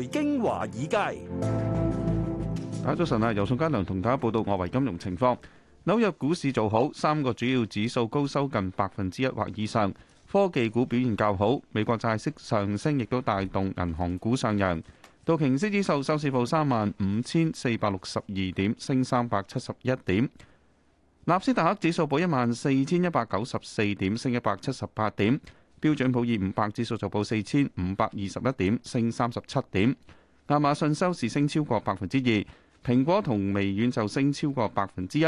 財經華爾街，大家早晨啊！由宋嘉良同大家報道外圍金融情況。紐約股市做好，三個主要指數高收近百分之一或以上。科技股表現較好，美國債息上升亦都帶動銀行股上揚。道瓊斯指數收市報三萬五千四百六十二點，升三百七十一點。納斯達克指數報一萬四千一百九十四點，升一百七十八點。標準普爾五百指數就報四千五百二十一點，升三十七點。亞馬遜收市升超過百分之二，蘋果同微軟就升超過百分之一。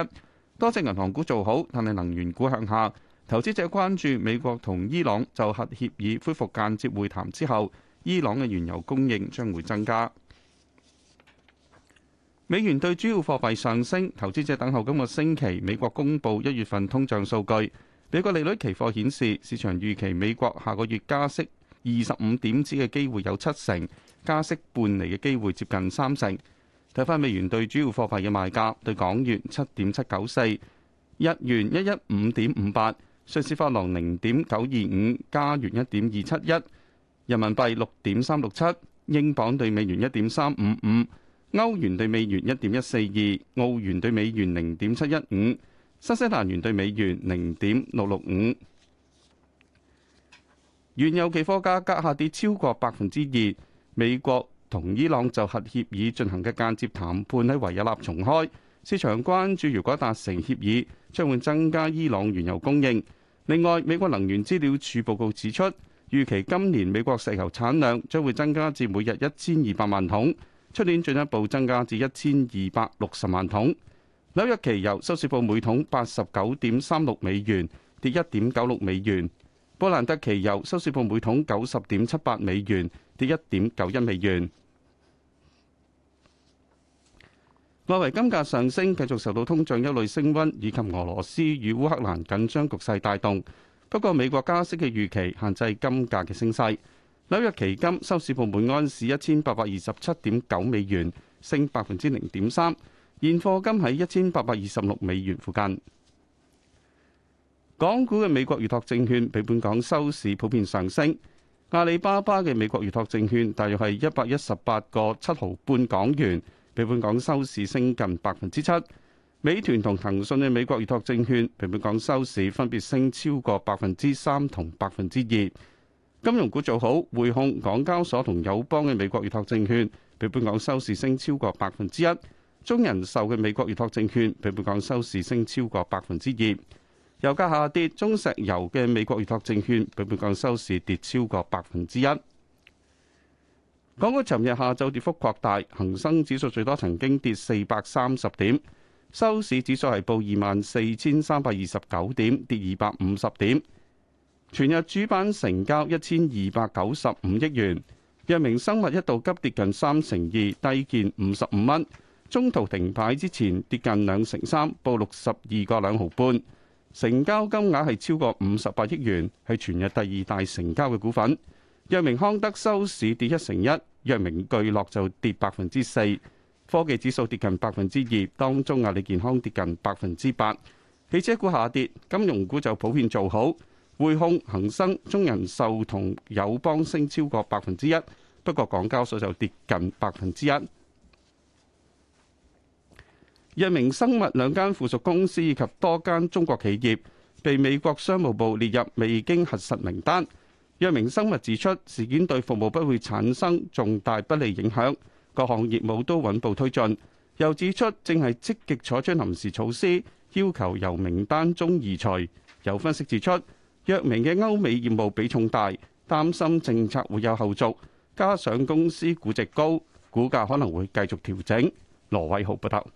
多隻銀行股做好，但係能源股向下。投資者關注美國同伊朗就核協議恢復間接會談之後，伊朗嘅原油供應將會增加。美元對主要貨幣上升，投資者等候今個星期美國公布一月份通脹數據。美國利率期貨顯示，市場預期美國下個月加息二十五點子嘅機會有七成，加息半厘嘅機會接近三成。睇返美元對主要貨幣嘅賣價，對港元七點七九四，日元一一五點五八，瑞士法郎零點九二五，加元一點二七一，人民幣六點三六七，英鎊對美元一點三五五，歐元對美元一點一四二，澳元對美元零點七一五。新西蘭元兌美元零點六六五，原油期貨價格下跌超過百分之二。美國同伊朗就核協議進行嘅間接談判喺維也納重開，市場關注如果達成協議，將會增加伊朗原油供應。另外，美國能源資料處報告指出，預期今年美國石油產量將會增加至每日一千二百萬桶，出年進一步增加至一千二百六十萬桶。紐約期油收市報每桶八十九點三六美元，跌一點九六美元。布蘭特期油收市報每桶九十點七八美元，跌一點九一美元。外圍金價上升，繼續受到通脹憂慮升溫以及俄羅斯與烏克蘭緊張局勢帶動。不過，美國加息嘅預期限制金價嘅升勢。紐約期金收市報每安士一千八百二十七點九美元，升百分之零點三。現貨金喺一千八百二十六美元附近。港股嘅美國預託證券，比本港收市普遍上升。阿里巴巴嘅美國預託證券大約係一百一十八個七毫半港元，比本港收市升近百分之七。美團同騰訊嘅美國預託證券比本港收市分別升超過百分之三同百分之二。金融股做好，匯控、港交所同友邦嘅美國預託證券比本港收市升超過百分之一。中人壽嘅美國預託證券比本港收市升超過百分之二，油價下跌，中石油嘅美國預託證券比本港收市跌超過百分之一。港股尋日下晝跌幅擴大，恒生指數最多曾經跌四百三十點，收市指數係報二萬四千三百二十九點，跌二百五十點。全日主板成交一千二百九十五億元，藥明生物一度急跌近三成二，低見五十五蚊。中途停牌之前跌近兩成三，報六十二個兩毫半，成交金額係超過五十八億元，係全日第二大成交嘅股份。藥明康德收市跌一成一，藥明巨諾就跌百分之四，科技指數跌近百分之二，當中阿里健康跌近百分之八，汽車股下跌，金融股就普遍做好，匯控、恒生、中人壽同友邦升超過百分之一，不過港交所就跌近百分之一。藥明生物兩間附屬公司以及多間中國企業被美國商務部列入未經核實名單。藥明生物指出，事件對服務不會產生重大不利影響，各項業務都穩步推進。又指出正係積極採取臨時措施，要求由名單中移除。有分析指出，藥明嘅歐美業務比重大，擔心政策會有後續，加上公司估值高，股價可能會繼續調整。羅偉豪報道。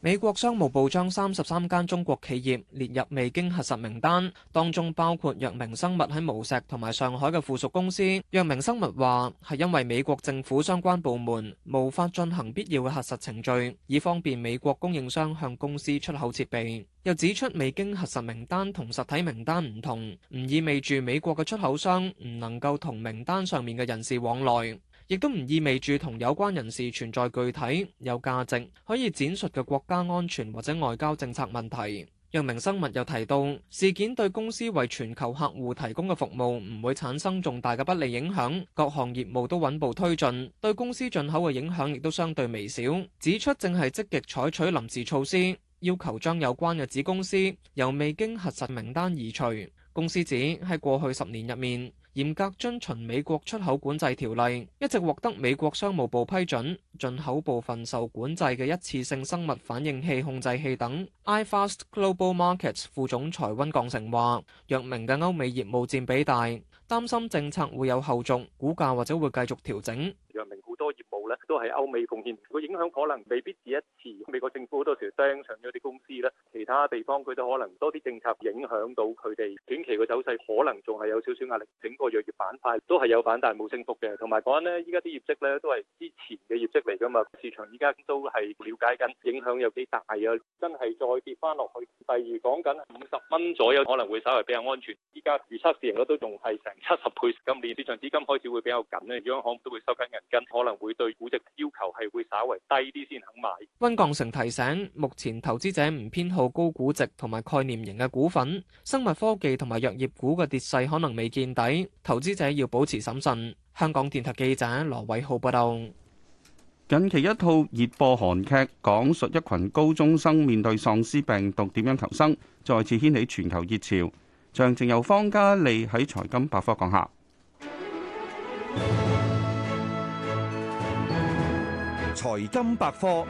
美國商務部將三十三間中國企業列入未經核實名單，當中包括藥明生物喺無錫同埋上海嘅附屬公司。藥明生物話，係因為美國政府相關部門無法進行必要嘅核實程序，以方便美國供應商向公司出口設備。又指出，未經核實名單同實體名單唔同，唔意味住美國嘅出口商唔能夠同名單上面嘅人士往來。亦都唔意味住同有關人士存在具體、有價值、可以展述嘅國家安全或者外交政策問題。藥明生物又提到，事件對公司為全球客戶提供嘅服務唔會產生重大嘅不利影響，各項業務都穩步推進，對公司進口嘅影響亦都相對微小。指出正係積極採取臨時措施，要求將有關嘅子公司由未經核實名單移除。公司指喺過去十年入面，嚴格遵循美國出口管制條例，一直獲得美國商務部批准進口部分受管制嘅一次性生物反應器控制器等。iFast Global Markets 副總裁温鋼成話：藥明嘅歐美業務佔比大，擔心政策會有後續，股價或者會繼續調整。都係歐美貢獻，個影響可能未必止一次。美國政府好多時釘上咗啲公司咧，其他地方佢都可能多啲政策影響到佢哋。短期嘅走勢可能仲係有少少壓力。整個藥業板塊都係有反彈冇升幅嘅，同埋講緊呢，依家啲業績咧都係之前嘅業績嚟㗎嘛。市場依家都係了解緊影響有幾大啊！真係再跌翻落去。第二講緊五十蚊左右可能會稍為比較安全。而家預測市盈率都仲係成七十倍。今年市場資金開始會比較緊，央行都會收緊銀根，可能會對。估值要求係會稍微低啲先肯買。温鋼成提醒，目前投資者唔偏好高估值同埋概念型嘅股份，生物科技同埋藥業股嘅跌勢可能未見底，投資者要保持審慎。香港電台記者羅偉浩報道。近期一套熱播韓劇，講述一群高中生面對喪屍病毒點樣求生，再次掀起全球熱潮。詳情由方嘉利喺財金百科講下。財金百科。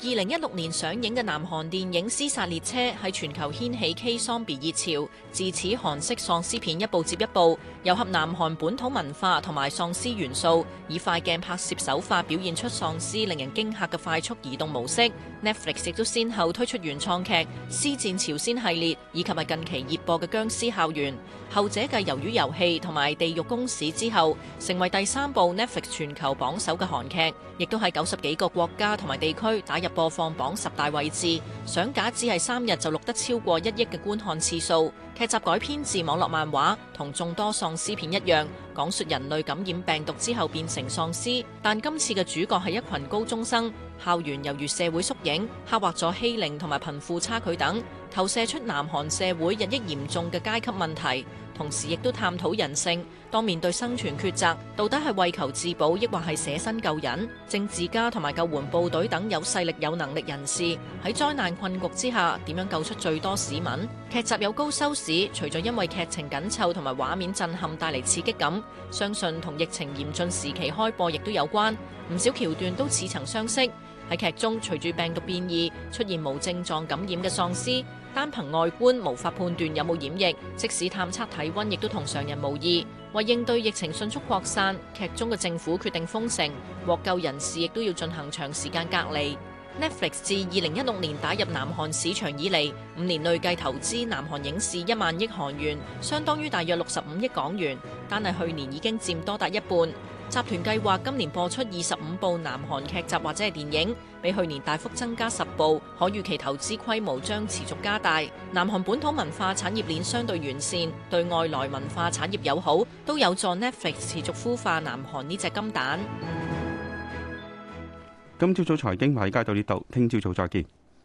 二零一六年上映嘅南韓電影《屍殺列車》喺全球掀起 K Zombie 熱潮，自此韓式喪屍片一部接一部，融合南韓本土文化同埋喪屍元素，以快鏡拍攝手法表現出喪屍令人驚嚇嘅快速移動模式。Netflix 亦都先後推出原創劇《屍戰朝鮮》系列，以及係近期熱播嘅《僵屍校園》，後者繼《魷魚遊戲》同埋《地獄公使》之後，成為第三部 Netflix 全球榜首嘅韓劇，亦都喺九十幾個國家同埋地區打入。播放榜十大位置，上架只係三日就錄得超過一億嘅觀看次數。劇集改編自網絡漫畫，同眾多喪屍片一樣，講述人類感染病毒之後變成喪屍，但今次嘅主角係一群高中生，校園猶如社會縮影，刻畫咗欺凌同埋貧富差距等，投射出南韓社會日益嚴重嘅階級問題。同時亦都探討人性，當面對生存抉擇，到底係為求自保，抑或係捨身救人？政治家同埋救援部隊等有勢力、有能力人士喺災難困局之下，點樣救出最多市民？劇集有高收視，除咗因為劇情緊湊同埋畫面震撼帶嚟刺激感，相信同疫情嚴峻時期開播亦都有關。唔少橋段都似曾相識。喺劇中，隨住病毒變異，出現無症狀感染嘅喪屍。單憑外觀無法判斷有冇染疫，即使探測體溫亦都同常人無異。為應對疫情迅速擴散，劇中嘅政府決定封城，獲救人士亦都要進行長時間隔離。Netflix 自二零一六年打入南韓市場以嚟，五年累計投資南韓影視一萬億韓元，相當於大約六十五億港元，但係去年已經佔多達一半。集團計劃今年播出二十五部南韓劇集或者係電影，比去年大幅增加十部，可預期投資規模將持續加大。南韓本土文化產業鏈相對完善，對外來文化產業友好，都有助 Netflix 持續孵化南韓呢隻金蛋。今朝早財經華爾街到呢度，聽朝早再見。